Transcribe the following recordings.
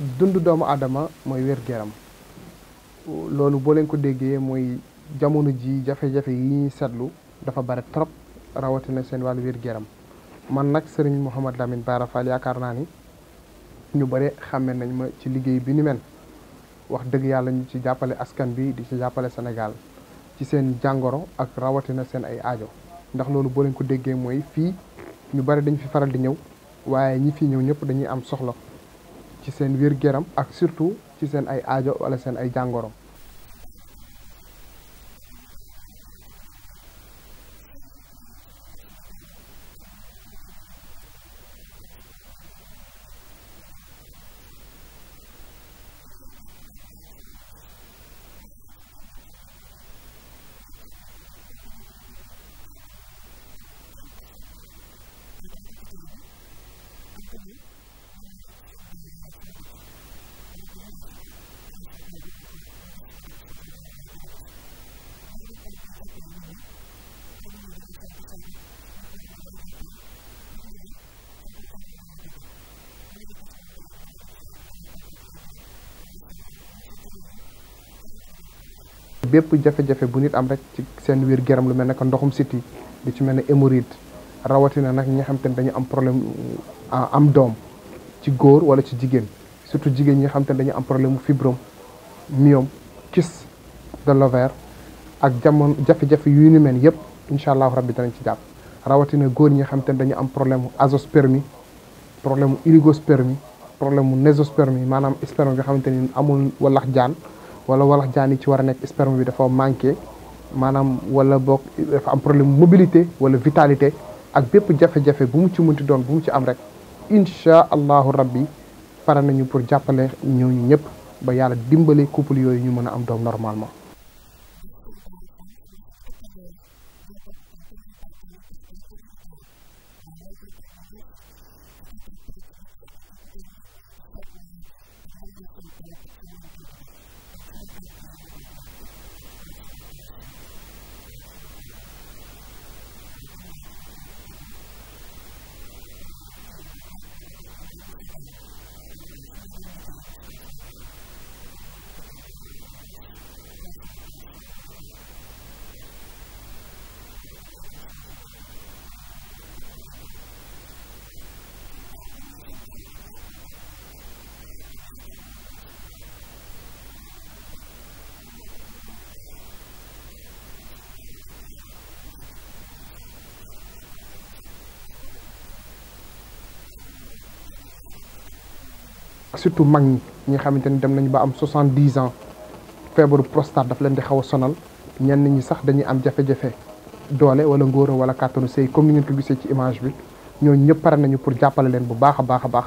dundu doomu adama moy wer geram yaram loolu len ko niji moy jamono ji jafe-jafe yi ñuy dafa bare trop rawatina na sen walu wer geram man nak serigne mohammed Lamine Bara Fall ni ñu bare xamé nañ ma ci liggéey bi ni men wax deug yalla ñu ci jappalé askan bi di ci jappalé Sénégal ci sen jangoro ak rawatina sen ay aajo ndax loolu bo len ko déggee moy fi ñu bare dañ fi faral di ñew waye ñi fi ñew ñep dañuy am soxla ci seen wér gu ak surtout ci seen ay aajo wala seen ay jàngoro bépp jafe-jafe bu nit am rek ci seen wiir geram lu mel ne que ndoxum siti di ci mel ne hémorroïde rawatina nag ñi nga xam te dañu am problème am doom ci góor wala ci jigéen surtout jigéen ñi xam te ne dañu am problème mu fibrome myome kyste de ak jamono jafe-jafe yu ni mel yëpp incha allahu rabbi danañ ci jàpp rawatina góor ñi xam te ne dañu am problème mu azospermie problème mu oligospermie problème mu nésospermie maanaam sperme nga xamante ni amul wallax jaan wala walax jaan yi ci war a nekk sperme bi dafa manqué maanaam wala boog dafa am problème mobilité wala vitalité ak bépp jafe-jafe bu mu ci mënti doon bu mu ci am rek incha allahu rabbi pare nañu pour jàppale ñooñu ñëpp ba yàlla dimbale couple yooyu ñu mën a am doom normalement surtout mag ñi nga xamante ni dem nañu ba am soixante dix ans feebaru prostate daf leen di xaw a sonal ñenn ñi sax dañuy am jafe-jafe doole wala ngóora wala kàttanu sëy comme ñu ngeen ko gisee ci image bi ñooñu ñëpp pare nañu pour jàppale leen bu baax a baax a baax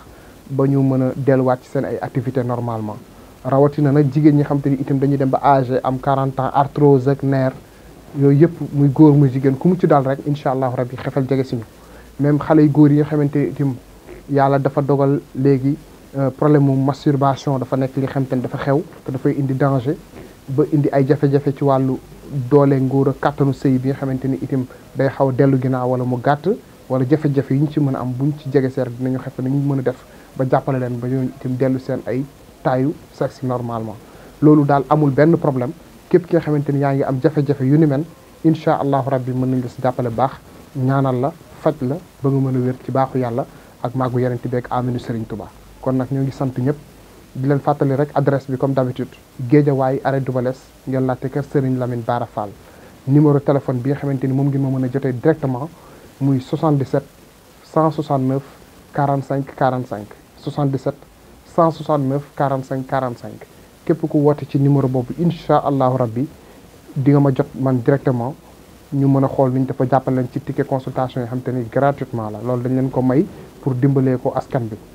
ba ñu mën a delluwaat ci seen ay activités normalement rawatina nag jigéen ñi xam te ni itam dañuy dem ba âgé am 40 ans arthrose ak nerf yooyu yëpp muy góor muy jigéen ku mu ci daal rek incha allahu rabi xefal jege si ñu góor yi nga xamante itam yàlla dafa dogal léegi. problème mu masturbation dafa nek li xam te dafa xew te dafay indi danger ba indi ay jafe-jafe ci walu doole nguur katanu sëy bi xamanteni itim day xaw delu gina wala mu gàtt wala jafe-jafe yiñ ci mëna am buñ ci jege ser dinañu xef nañu mëna def ba jàppale len ba ñoo itim delu sen ay tayu sax normalement lolu dal amul benn problème képp ki xamanteni xamante ni yaa ngi am jafe-jafe yu ni mel insha allah rabbi mëna ngi ci jàppale bax ñaanal la faj la ba nga mëna wér ci baaxu yàlla ak magu yeneen bek aminu Serigne Touba kon nag ñoo ngi sant ñëpp di leen fàttali rek adresse bi comme d'habitude Guédiawaye arrêt Double Less ngeen laajte kër Serigne Lamine Bara Fall numéro téléphone bi nga xamante ni moom ngi ma mën a jotee directement muy 77 169 45 45 77 169 45 45 képp ku woote ci numéro boobu incha allahu rabbi di nga ma jot man directement ñu mën a xool niñ dafa jàppale leen ci ticket consultation yi xam te ni gratuitement la loolu dañ leen ko may pour dimbalee ko askan bi